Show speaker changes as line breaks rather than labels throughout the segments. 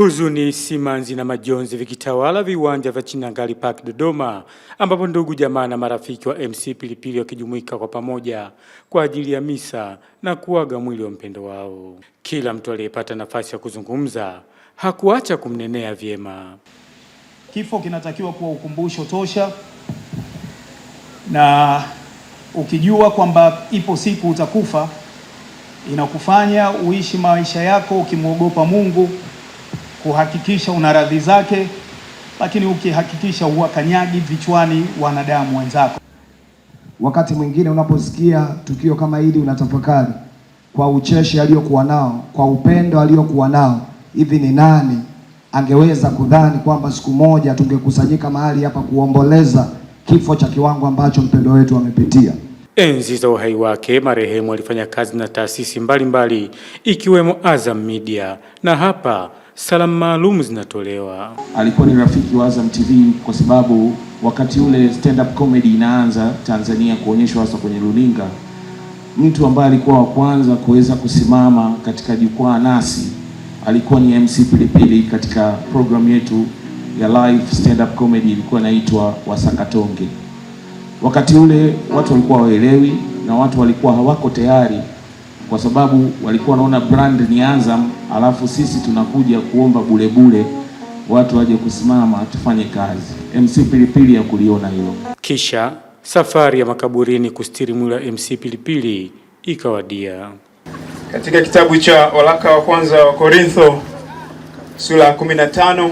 Huzuni, simanzi na majonzi vikitawala viwanja vya Chinangali Park Dodoma, ambapo ndugu jamaa na marafiki wa MC Pilipili wakijumuika kwa pamoja kwa ajili ya misa na kuaga mwili wa mpendo wao. Kila mtu aliyepata nafasi ya kuzungumza hakuacha kumnenea vyema.
Kifo kinatakiwa kuwa ukumbusho tosha, na ukijua kwamba ipo siku utakufa, inakufanya uishi maisha yako ukimwogopa Mungu kuhakikisha una radhi zake, lakini ukihakikisha kanyagi vichwani wanadamu wenzako.
Wakati mwingine unaposikia tukio kama hili, unatafakari kwa ucheshi aliyokuwa nao, kwa upendo aliyokuwa nao, hivi ni nani angeweza kudhani kwamba siku moja tungekusanyika mahali hapa kuomboleza kifo cha kiwango ambacho mpendo wetu amepitia?
Enzi za uhai wake marehemu alifanya kazi na taasisi mbalimbali ikiwemo Azam Media na hapa salamu maalum zinatolewa.
Alikuwa ni rafiki wa Azam TV kwa sababu wakati ule stand up comedy inaanza Tanzania kuonyeshwa hasa kwenye runinga, mtu ambaye alikuwa wa kwanza kuweza kusimama katika jukwaa nasi alikuwa ni MC Pilipili katika programu yetu ya live stand up comedy, ilikuwa inaitwa Wasakatonge. Wakati ule watu walikuwa waelewi na watu walikuwa hawako tayari, kwa sababu walikuwa wanaona brand ni Azam, alafu sisi tunakuja kuomba bulebule watu waje kusimama tufanye kazi. MC Pilipili ya kuliona hilo,
kisha safari ya makaburini kustiri mwili wa MC Pilipili ikawadia.
Katika kitabu cha waraka wa kwanza wa Korintho sura ya 15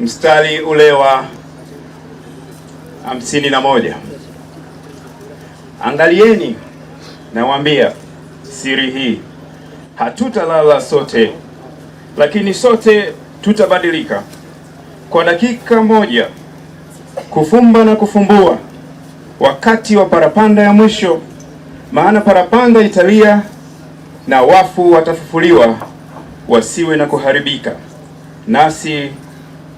mstari ule wa hamsini na moja. Angalieni, nawaambia siri hii, hatutalala sote, lakini sote tutabadilika kwa dakika moja, kufumba na kufumbua, wakati wa parapanda ya mwisho. Maana parapanda italia na wafu watafufuliwa, wasiwe na kuharibika, nasi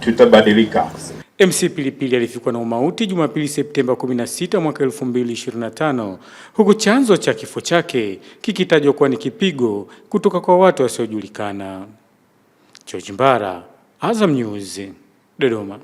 tutabadilika.
MC Pilipili alifikwa na umauti Jumapili Septemba 16 mwaka 2025, huku chanzo cha kifo chake kikitajwa kuwa ni kipigo kutoka kwa watu wasiojulikana. George Mbara, Azam News, Dodoma.